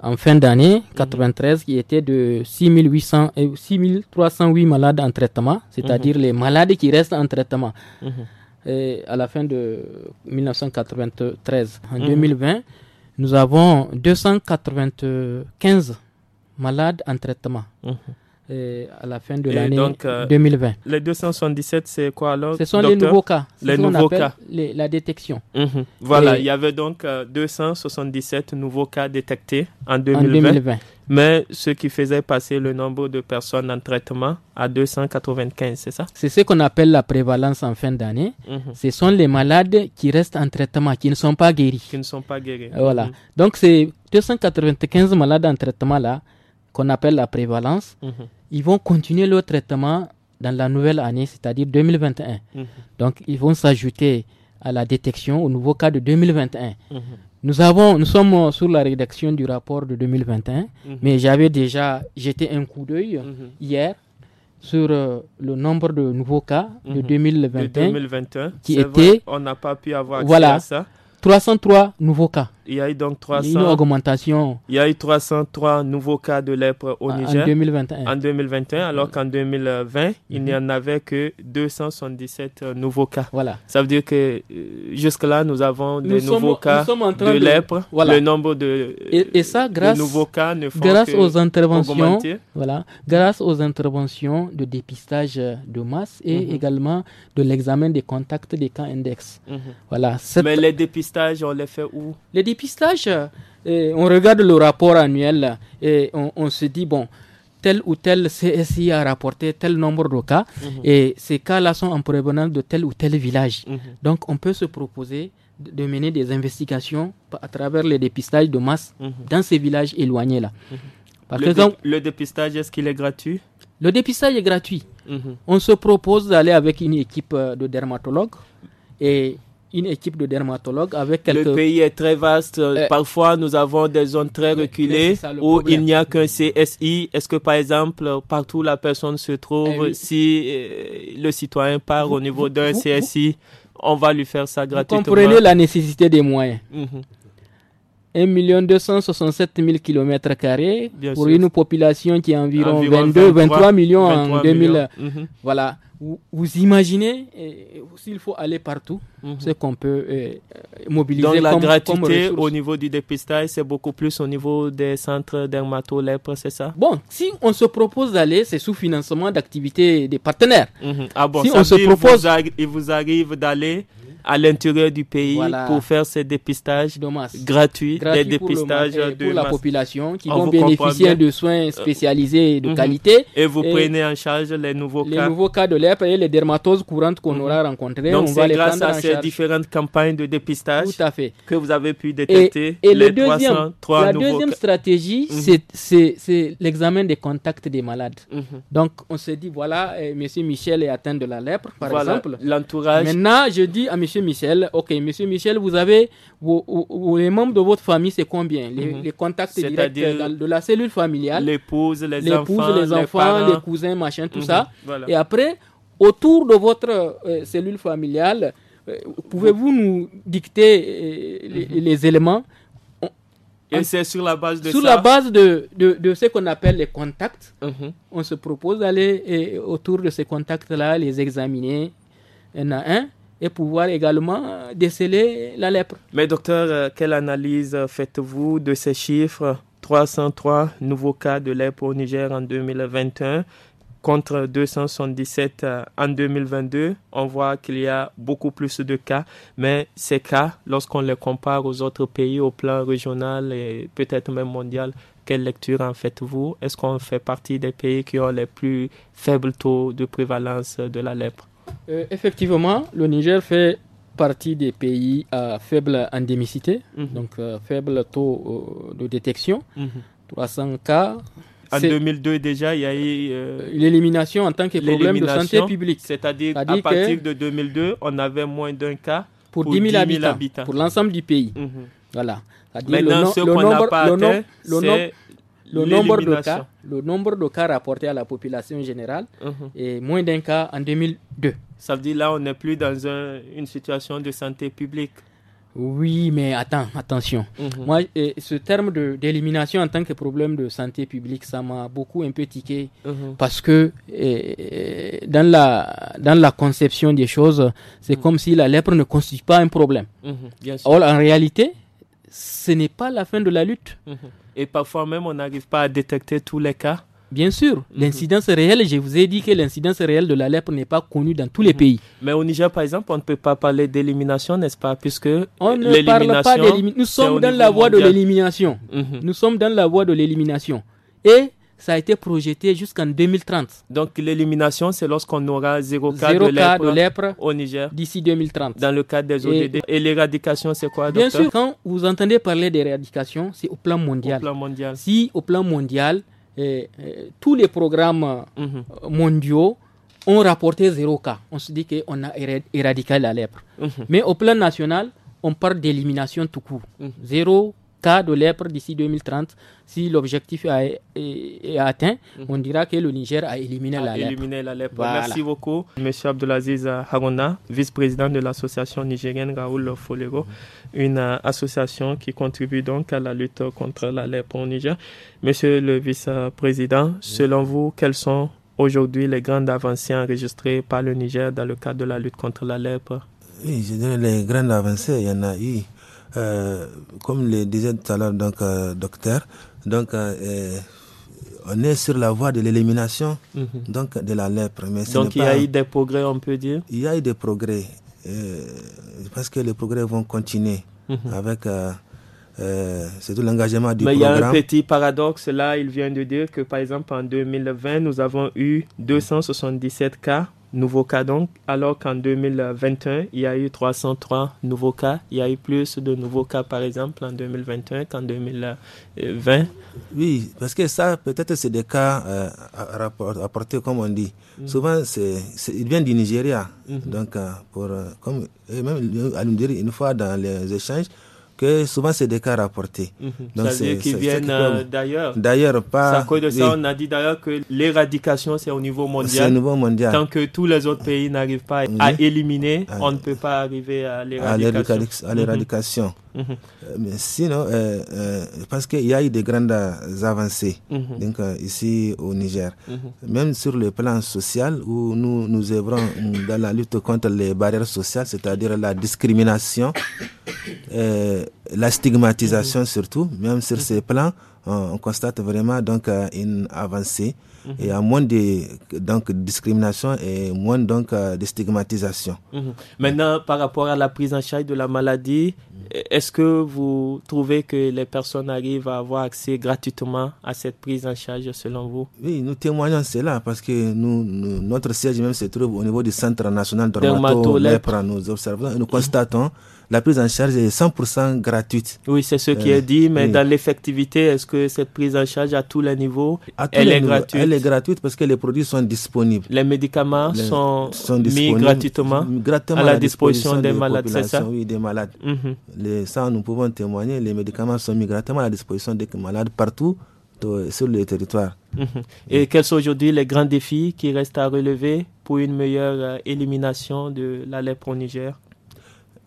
Speaker 3: en fin d'année 93 qui était de 6800 et 6308 malades en traitement, c'est-à-dire mhm. les malades qui restent en traitement. Mhm. et euh, à la fin de 1993, en 2020, mhm. nous avons 295 malades en traitement.
Speaker 1: Euh, à la fin de l'année 2020. Euh, les 277, c'est quoi alors Ce sont les nouveaux cas. Les nouveaux cas. la détection.
Speaker 3: Mhm. Voilà,
Speaker 1: il y avait donc 277 euh, nouveaux cas détectés en 2020, Mais ce qui faisait passer le nombre de personnes en traitement à 295, c'est ça
Speaker 3: C'est ce qu'on appelle la prévalence en fin d'année. Mhm. Ce sont les malades qui restent en traitement, qui ne sont pas guéris. Qui
Speaker 1: ne sont pas guéris. Voilà. Mhm.
Speaker 3: Donc, ces 295 malades en traitement là, qu'on appelle la prévalence, mhm. ils vont continuer le traitement dans la nouvelle année, c'est-à-dire 2021. Mhm. Donc, ils vont s'ajouter à la détection au nouveau cas de 2021. Mhm. Nous, avons, nous sommes sur la rédaction du rapport de 2021, mais j'avais déjà jeté un coup d'œil hier sur euh, le nombre de nouveaux cas de 2021, de 2021 qui était on n'a pas pu avoir accès voilà, à ça 303 nouveaux cas.
Speaker 1: Il y a eu donc 300, augmentation. Il y a eu 303 nouveaux cas de lèpre au Niger. En 2021. En 2021, alors qu'en 2020, il n'y mhm. en avait que 277 euh, nouveaux cas. Voilà. Ça veut dire que euh, jusque-là, nous avons des nouveaux cas de, lèpre. Voilà. Le nombre de, et, ça, grâce, nouveaux cas ne font grâce aux interventions,
Speaker 3: Voilà. Grâce aux interventions de dépistage de masse et mhm. également de l'examen des contacts des cas index. Mhm. Voilà. Mais les
Speaker 1: dépistages on les fait où Les dépistages, euh, euh,
Speaker 3: on regarde le rapport annuel euh, et on, se dit, bon, tel ou tel CSI a rapporté tel nombre de cas mhm. et ces cas-là sont en provenance de tel ou tel village. Mhm. Donc, on peut se proposer de mener des investigations à travers les dépistages de masse mhm. dans ces villages éloignés-là. Par exemple,
Speaker 1: le dépistage, est-ce qu'il est gratuit
Speaker 3: Le dépistage est gratuit. On se propose d'aller avec une équipe de dermatologues et une équipe de dermatologues avec quelques... Le pays
Speaker 1: est très vaste. Euh, Parfois, nous avons des zones très reculées où il n'y a qu'un CSI. Est-ce que, par exemple, partout où la personne se trouve, eh si euh, le citoyen part au niveau d'un CSI, on va lui faire ça gratuitement Vous comprenez la
Speaker 3: nécessité des moyens. 1,267,000 1 km carrés pour une population qui est environ, 22, 23, millions en 2000. Voilà. Mhm vous, imaginez, s'il faut aller partout, mhm. c'est qu'on peut euh, euh, mobiliser. Donc la gratuité au
Speaker 1: niveau du dépistage, c'est beaucoup plus au niveau des centres dermatologiques, c'est ça Bon, si on se propose d'aller, c'est sous financement d'activités des partenaires. Mhm. Ah bon, si on se propose, il vous arrive d'aller à l'intérieur du pays pour faire ces dépistages gratuits, des dépistages pour, de pour la population qui vont bénéficier de soins euh, spécialisés et de mhm. qualité. Et vous prenez en charge les nouveaux cas. Les
Speaker 3: nouveaux cas de lèpre et les dermatoses courantes qu'on mhm. aura
Speaker 1: rencontrées. Donc c'est grâce à ces différentes campagnes de dépistage que vous avez pu détecter et, les le deuxième, La deuxième stratégie, mhm.
Speaker 3: c'est l'examen des contacts des malades. Donc on se dit voilà, M. Eh, monsieur Michel est atteint de la lèpre, par exemple. L'entourage. Maintenant, je dis à Monsieur Michel. Ok, Monsieur Michel, vous avez les membres de votre famille, c'est combien les, mhm. contacts directs euh, de la cellule familiale. L'épouse,
Speaker 1: les, enfants, les cousins, machin, tout ça. Mhm. Et
Speaker 3: après, autour de votre euh, cellule familiale, euh, pouvez-vous nous dicter mhm. les, éléments
Speaker 1: et c'est sur la base de Sur la base
Speaker 3: de, ce qu'on appelle les contacts, on se propose d'aller autour de ces contacts-là, les examiner
Speaker 1: un a un, et pouvoir également euh, déceler la lèpre. Mais docteur, euh, quelle analyse faites-vous de ces chiffres 303 nouveaux cas de lèpre au Niger en 2021 contre 277 euh, en 2022. On voit qu'il y a beaucoup plus de cas, mais ces cas, lorsqu'on les compare aux autres pays au plan régional et peut-être même mondial, quelle lecture en faites-vous Est-ce qu'on fait partie des pays qui ont les plus faibles taux de prévalence de la lèpre
Speaker 3: euh, effectivement, le Niger fait partie des pays à faible endémicité, mhm. donc euh, faible taux euh, de détection, 300 mhm. cas. En 2002 déjà, il y a eu l'élimination en tant que problème de santé publique. C'est-à-dire qu'à partir
Speaker 1: de 2002, on avait moins d'un cas pour, 10 000, habitants, pour l'ensemble du pays. Mhm. Voilà. Maintenant, ce qu'on n'a pas atteint, c'est le nombre de cas,
Speaker 3: le nombre de cas rapportés à la population générale
Speaker 1: uh-huh. est moins d'un cas en 2002. Ça veut dire là, on n'est plus dans une situation de santé publique.
Speaker 3: Oui, mais attends, attention.
Speaker 1: Uh-huh. Moi, ce terme d'élimination en tant que problème de santé publique, ça m'a
Speaker 3: beaucoup un peu tiqué uh-huh. parce que eh, eh, dans la dans la conception des choses, c'est comme si la lèpre ne constitue pas un problème. Or, en réalité, ce n'est pas
Speaker 1: la fin de la lutte et parfois même on n'arrive pas à détecter tous les cas Bien sûr, mhm. l'incidence réelle, je vous ai dit que l'incidence réelle de la lèpre n'est pas connue dans tous les mhm. pays. Mais au Niger, par exemple, on ne peut pas parler d'élimination, n'est-ce pas Puisque on ne parle pas d'élimination. Nous sommes dans la voie de l'élimination. Mhm. Nous sommes dans la voie de l'élimination. Et ça a été projeté jusqu'en 2030. Donc l'élimination, c'est lorsqu'on aura 0 cas, de, lèpre au Niger d'ici 2030. Dans le cadre des ODD. Et, l'éradication, c'est quoi Bien sûr, quand
Speaker 3: vous entendez parler d'éradication, c'est au plan mondial. Si au plan mondial, eh, eh, tous les programmes mhm. euh, mondiaux ont rapporté 0 cas, on se dit qu'on a éradiqué la lèpre. Mhm. Mais au plan national, on parle d'élimination tout court. 0 mhm cas de lèpre d'ici 2030, si l'objectif est, atteint, mhm. on dira que le Niger a éliminé la e éliminé lèpre. La e Merci
Speaker 1: beaucoup, Monsieur Abdelaziz Harona, vice-président de l'association nigérienne Raoul Folero, une euh, association qui contribue donc à la lutte contre la lèpre au Niger. Monsieur le vice-président, selon vous, quels sont aujourd'hui les grandes avancées enregistrées par le Niger dans le cadre de la lutte contre la lèpre
Speaker 4: Oui, les grandes avancées, il y en a eu euh, comme le disait tout à l'heure donc euh, docteur, donc euh, on est sur la voie de l'élimination mhm. donc de la lèpre. donc il y a eu des progrès, on peut dire. Il y a eu des progrès. parce que les progrès vont continuer mhm. avec l'engagement du programme. Mais il y a un
Speaker 1: petit paradoxe là. Il vient de dire que par exemple en 2020 nous avons eu 277 cas nouveaux cas donc, alors qu'en 2021, il y a eu 303 nouveaux cas. Il y a eu plus de nouveaux cas, par
Speaker 4: exemple, en 2021 qu'en 2020. Oui, parce que ça, peut-être, c'est des cas euh, à apportés, comme on dit. Mm. Souvent, c'est, il vient du Nigeria. Mm-hmm. Donc, euh, pour, euh, comme, même, une fois dans les échanges, que souvent c'est des cas rapportés. Mhm. cest Donc qui viennent euh, d'ailleurs. D'ailleurs, pas. on
Speaker 1: a dit d'ailleurs que l'éradication c'est au niveau mondial. Au niveau mondial. Tant que tous les autres pays n'arrivent pas à éliminer, ah. on ne peut pas arriver à l'éradication. À l'éradication.
Speaker 4: Euh, mais sinon, euh, euh, parce qu'il y a eu des grandes avancées mhm. donc, euh, ici au Niger, mhm. même sur le plan social où nous nous œuvrons [coughs] dans la lutte contre les barrières sociales, c'est-à-dire la discrimination, euh, la stigmatisation mhm. surtout, même sur ces plans, on, constate vraiment donc une avancée. Il y a moins de donc, discrimination et moins donc, de stigmatisation.
Speaker 1: Maintenant, par rapport à la prise en charge de la maladie, E-, est-ce que vous trouvez que les personnes arrivent à avoir accès gratuitement à cette prise en charge selon
Speaker 4: vous Oui, nous témoignons cela parce que nous, notre siège même se trouve au niveau du Centre national dermatolèpre. Nous observons et nous constatons la prise en charge est 100% gratuite. Oui, c'est ce qui est euh, dit, mais dans
Speaker 1: l'effectivité, est-ce que cette prise en charge à tous les niveaux, elle est gratuite Elle
Speaker 4: est gratuite parce que les produits sont disponibles. Les médicaments sont, mis gratuitement, à la, disposition, des, malades, c'est ça Oui, des malades. Mhm. les, ça, nous pouvons témoigner, les médicaments sont mis gratuitement à la disposition des malades partout euh, sur le territoire. Mhm.
Speaker 1: Et quels sont aujourd'hui les grands défis qui restent à relever pour une meilleure euh, élimination de la lèpre au Niger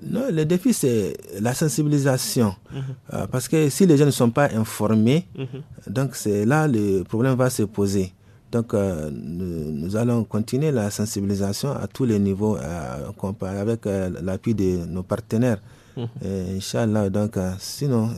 Speaker 4: non, le défi, c'est la sensibilisation. Mhm. Euh, parce que si les gens ne sont pas informés, mhm. donc c'est là le problème va se poser. Donc, euh, nous, allons continuer la sensibilisation à tous les niveaux, euh, avec l'appui de nos partenaires. Mhm. Inch'Allah, donc, sinon,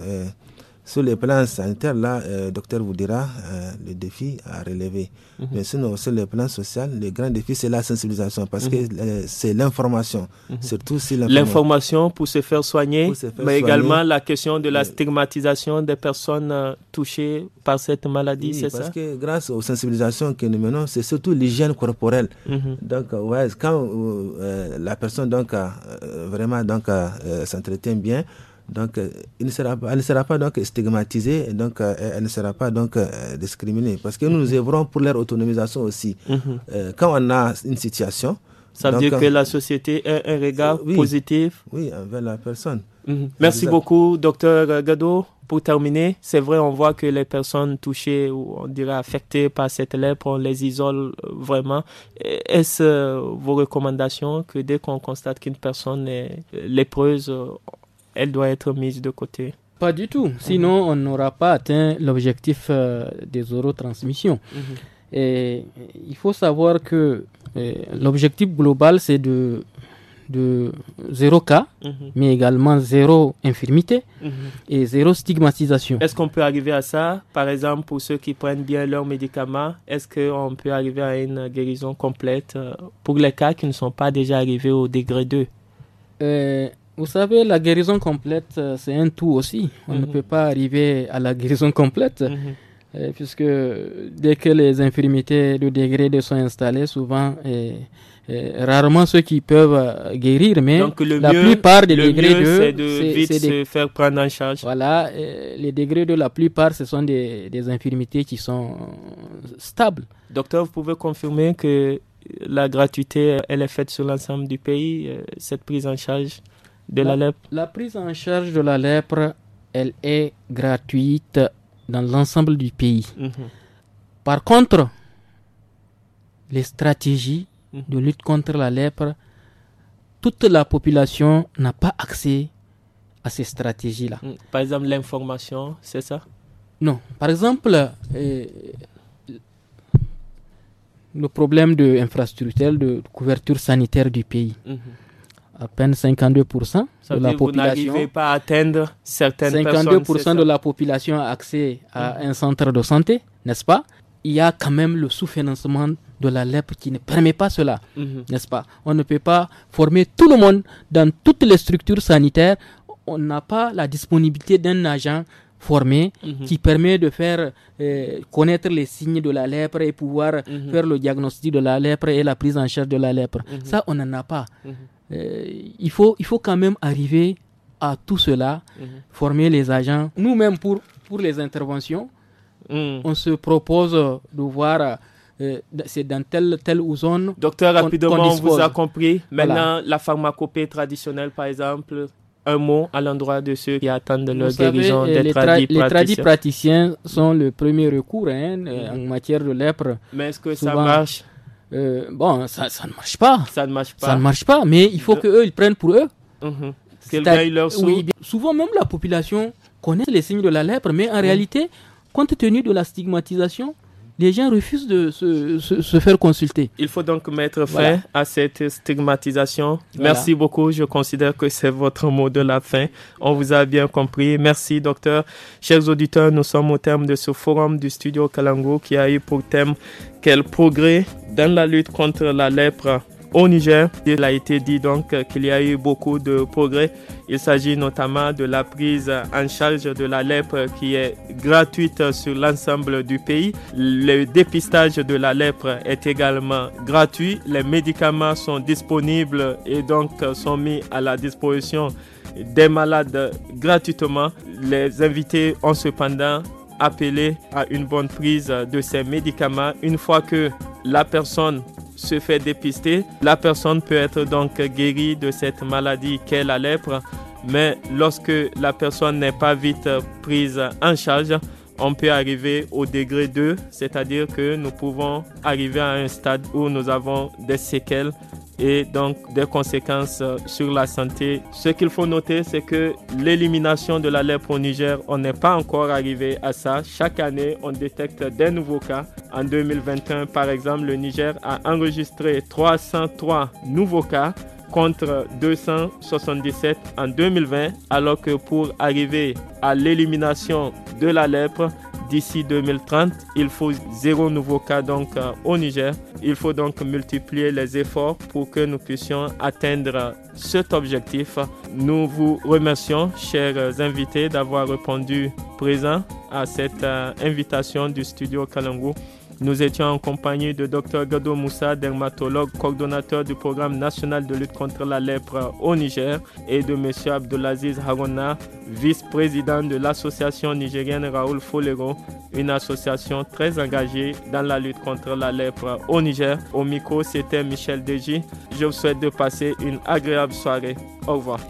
Speaker 4: sur le plan sanitaire, là, le euh, docteur vous dira euh, le défi à relever. Mhm. Mais sinon, sur le plan social, le grand défi, c'est la sensibilisation parce que mhm. euh, c'est l'information. Mhm. Surtout si l'information.
Speaker 1: pour se faire soigner, mais également la question de la stigmatisation des personnes touchées par cette maladie, c'est ça? Parce
Speaker 4: que grâce aux sensibilisations que nous menons, c'est surtout l'hygiène corporelle. Donc, quand la personne donc, vraiment donc, s'entretient bien, donc, euh, il ne sera, elle ne sera pas donc stigmatisée, et donc euh, elle ne sera pas donc euh, discriminée, parce que nous nous œuvrons pour leur autonomisation aussi. Mhm. quand on a une situation, ça veut dire que la
Speaker 1: société a un regard positif. Oui, envers la personne. Mhm. Merci beaucoup, docteur Gado. Pour terminer, c'est vrai, on voit que les personnes touchées ou on dirait affectées par cette lèpre, on les isole vraiment. Est-ce vos recommandations que dès qu'on constate qu'une personne est lépreuse, elle doit être mise de côté
Speaker 3: Pas du tout, mhm. sinon on n'aura pas atteint l'objectif euh, des zéro transmission. Mhm. Et il faut savoir que euh, l'objectif global, c'est de, de zéro cas, mhm. mais également zéro infirmité
Speaker 1: et zéro stigmatisation. Est-ce qu'on peut arriver à ça Par exemple, pour ceux qui prennent bien leurs médicaments, est-ce qu'on peut arriver à une guérison complète euh, pour les cas qui ne sont pas déjà arrivés au degré 2 vous savez, la guérison complète, euh, c'est un tout
Speaker 3: aussi. On ne mhm. peut pas arriver à la guérison complète, mhm. euh, puisque dès que les infirmités de degré sont installées, souvent, et, euh, rarement ceux qui peuvent guérir, mais la plupart des degrés de, c'est de vite se
Speaker 1: faire prendre en
Speaker 3: charge. Voilà, les degrés de la plupart, ce sont des, des infirmités qui sont
Speaker 1: stables. Docteur, vous pouvez confirmer que la gratuité, elle est faite sur l'ensemble du pays, cette prise en charge la, prise en charge de la lèpre, elle est
Speaker 3: gratuite dans l'ensemble du pays. Mhm. Par contre, les stratégies mhm. de lutte contre la lèpre, toute la population n'a pas accès à ces stratégies-là. Mm.
Speaker 1: Par exemple, l'information, c'est ça Non.
Speaker 3: Par exemple, euh, le problème de l'infrastructure, de couverture sanitaire du pays. Mhm à peine 52% de la population.
Speaker 1: pas à atteindre certaines
Speaker 3: 52 de la population a accès à un centre de santé, n'est-ce pas Il y a quand même le sous-financement de la lèpre qui ne permet pas cela, mhm. n'est-ce pas On ne peut pas former tout le monde dans toutes les structures sanitaires on n'a pas la disponibilité d'un agent formé mhm. qui permet de faire euh, connaître les signes de la lèpre et pouvoir mhm. faire le diagnostic de la lèpre et la prise en charge de la lèpre. Mhm. Ça, on n'en a pas. Euh, il, faut, il faut quand même arriver à tout cela, former les agents. Nous-mêmes, pour, pour les interventions, on se propose de voir... Euh, c'est dans telle, telle zone. Docteur, rapidement, on, vous a compris. Maintenant,
Speaker 1: la pharmacopée traditionnelle, par exemple, un mot à l'endroit de ceux qui attendent leur guérison euh, des les, tradis
Speaker 3: praticiens sont le premier recours hein, euh, en mm-hmm. matière de lèpre. Mais est-ce que ça marche euh, Bon, ça, ne marche pas. Ça ne marche pas. Ça ne marche pas, mais il faut que qu'eux, ils prennent pour eux.
Speaker 1: Mm-hmm.
Speaker 3: Souvent, même la population connaît les signes de la lèpre, mais en mm-hmm. réalité, compte tenu de la stigmatisation, les gens refusent de se, faire
Speaker 1: consulter. Il faut donc mettre fin à cette stigmatisation. Merci beaucoup. Je considère que c'est votre mot de la fin. On vous a bien compris. Merci, docteur. Chers auditeurs, nous sommes au terme de ce forum du studio Kalango qui a eu pour thème Quel progrès dans la lutte contre la lèpre au Niger. Il a été dit donc qu'il y a eu beaucoup de progrès. Il s'agit notamment de la prise en charge de la lèpre qui est gratuite sur l'ensemble du pays. Le dépistage de la lèpre est également gratuit. Les médicaments sont disponibles et donc sont mis à la disposition des malades gratuitement. Les invités ont cependant appelé à une bonne prise de ces médicaments une fois que la personne se fait dépister, la personne peut être donc guérie de cette maladie qu'est la lèpre. Mais lorsque la personne n'est pas vite prise en charge, on peut arriver au degré 2, c'est-à-dire que nous pouvons arriver à un stade où nous avons des séquelles et donc des conséquences euh, sur la santé. Ce qu'il faut noter, c'est que l'élimination de la lèpre au Niger, on n'est pas encore arrivé à ça. Chaque année, on détecte des nouveaux cas. En 2021, par exemple, le Niger a enregistré 303 nouveaux cas contre 277 en 2020, alors que pour arriver à l'élimination de la lèpre, d'ici 2030, il faut zéro nouveau cas donc euh, au Niger. Il faut donc multiplier les efforts pour que nous puissions atteindre cet objectif. Nous vous remercions, chers invités, d'avoir répondu présent à cette euh, invitation du studio Kalangou. Nous étions en compagnie de Dr Gado Moussa, dermatologue, coordonnateur du programme national de lutte contre la lèpre au Niger, et de M. Abdelaziz Harona, vice-président de l'association nigérienne Raoul Folero, une association très engagée dans la lutte contre la lèpre au Niger. Au micro, c'était Michel Deji. Je vous souhaite de passer une agréable soirée. Au revoir.